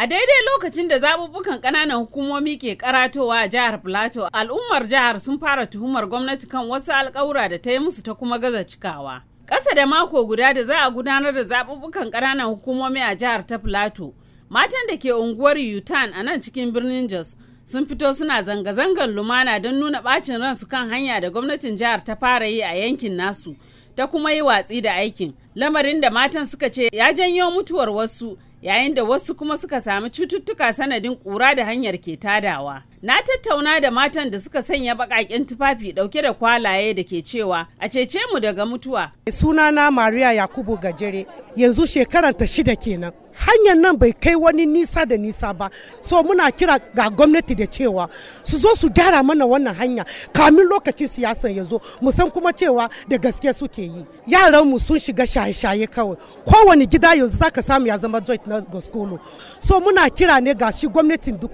A daidai lokacin da zaɓuɓɓukan ƙananan hukumomi ke karatowa a jihar Plateau, al'ummar jihar sun fara tuhumar gwamnati kan wasu alƙawura da ta yi musu ta kuma gaza cikawa. Ƙasa da mako guda da za a gudanar da zaɓuɓɓukan ƙananan hukumomi a jihar ta Plateau, matan da ke unguwar Yutan a nan cikin birnin Jos sun fito suna zanga zangan lumana don nuna ɓacin ransu kan hanya da gwamnatin jihar ta fara yi a yankin nasu. ta kuma yi watsi da aikin lamarin da matan suka ce ya janyo mutuwar wasu yayin da wasu kuma suka sami cututtuka sanadin ƙura da hanyar ke tadawa. Na tattauna da matan da suka sanya baƙaƙen tufafi ɗauke da kwalaye da ke cewa a cece mu daga mutuwa. Sunana Maria Yakubu Gajere yanzu shekarar ta shida kenan. hanyar nan bai kai wani nisa da nisa ba so muna kira ga gwamnati da cewa su zo su gyara mana wannan hanya kamin lokacin siyasan ya zo mu san kuma cewa da gaske suke yi yaran mu sun shiga shaye-shaye kawai kowane gida yanzu za ka samu ya zama joint na gaskolo so muna kira ne ga shi gwamnatin duk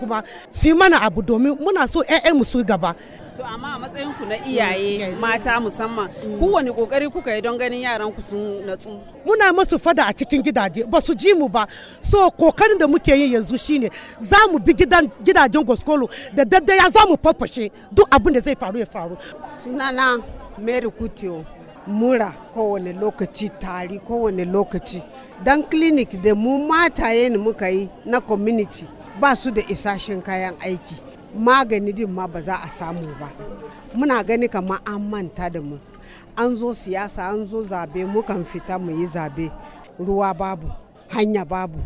su yi mana abu domin muna so mu su gaba To amma a matsayin ku na iyaye mata musamman kowane kokari kuka yi don ganin yaran ku sun natsu. Muna musu fada a cikin gidaje ba su ji mu ba. So kokarin da muke yi yanzu shine za mu bi gidajen goskolo da daddaya za mu farfashe duk abin da zai faru ya faru. Sunana Mary Kutio. mura kowane lokaci tari kowane lokaci dan clinic da mu mataye ne muka yi na community ba su da isashen kayan aiki magani din ma ba za a samu ba muna gani kamar an manta da mu an zo siyasa an zo zabe mukan fita mu yi zabe ruwa babu hanya babu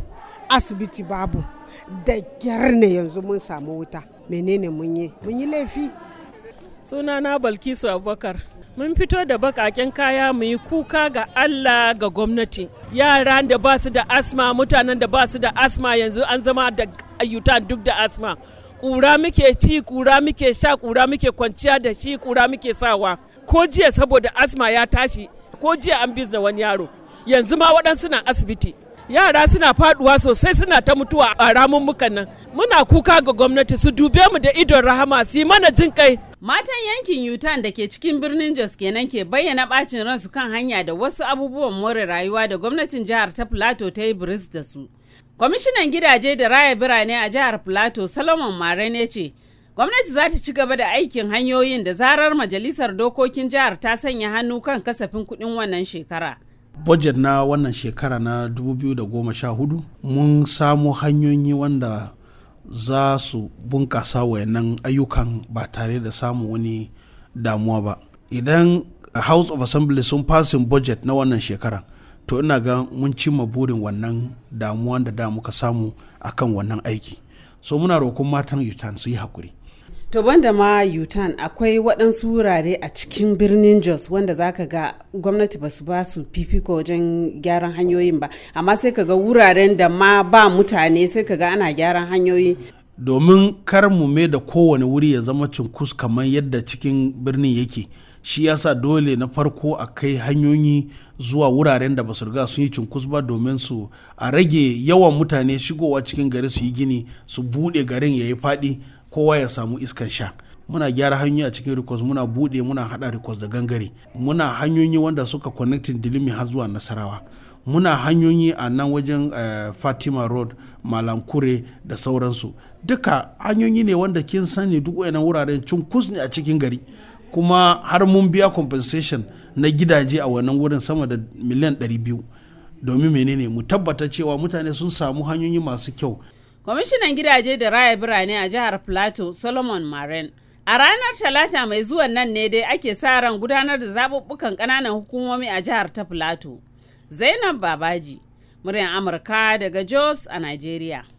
asibiti babu da gyar yanzu mun samu wuta menene mun yi mun yi laifi sunana balkisu abubakar mun fito da bakaken kaya mu yi kuka ga allah ga gwamnati yara da ba su da asma mutanen da ba su da asma yanzu an zama da ayyutan duk da asma kura muke ci kura muke sha kura muke kwanciya da shi kura muke sawa ko jiya saboda asma ya tashi ko jiya an da wani yaro yanzu ma waɗansu na asibiti yara suna faduwa sosai suna ta mutuwa a ramummukan nan muna kuka ga gwamnati su dube mu da idon rahama su yi mana jin kai Matan yankin Yutan da ke cikin birnin Jos kenan ke bayyana bacin ransu kan hanya da wasu abubuwan more rayuwa da gwamnatin jihar ta Plateau ta yi biris da su. Kwamishinan gidaje da raya birane a jihar Plateau Solomon Mare ne ce, gwamnati za ta ci gaba da aikin hanyoyin da zarar majalisar dokokin jihar ta sanya hannu kan kasafin kudin wannan shekara. budget na wannan shekara na 2014 mun samu hanyoyi wanda za su bunkasa wayannan ayyukan ba tare da samun wani damuwa ba idan house of assembly sun fasin budget na wannan shekara to ina ga mun cimma burin wannan damuwa da da muka samu akan wannan aiki so muna roƙon matan yutan su yi hakuri to banda ma yutan akwai waɗansu wurare a cikin birnin jos wanda za ka ga gwamnati ba su ba su fifiko wajen gyaran hanyoyin ba amma sai ka ga wuraren da ma ba mutane sai ka ga ana gyaran hanyoyi domin kar mu mai da kowane wuri ya zama cunkus kamar yadda cikin birnin yake shi yasa dole na farko a kai hanyoyi zuwa wuraren da basu riga sun yi cunkus ba domin su a rage yawan mutane shigowa cikin gari su yi gini su buɗe garin ya yi faɗi kowa ya samu iskan sha muna gyara hanyoyi a cikin rikos muna buɗe muna haɗa rikos da gangare muna hanyoyi wanda suka connectin dilimi har zuwa nasarawa muna hanyoyi a nan wajen uh, fatima road malankure da sauransu duka hanyoyi ne wanda kin sani duk wayannan wuraren cunkus ne a cikin gari kuma har mun biya compensation na gidaje a wannan wurin sama da miliyan 200 domin menene mu tabbata cewa mutane sun samu hanyoyi masu kyau kwamishinan gidaje da raya birane a jihar plateau solomon maren a ranar talata mai zuwan nan ne dai ake sa ran gudanar da zaɓuɓɓukan ƙananan hukumomi a jihar ta plateau zainab babaji muryan amurka daga jos a nigeria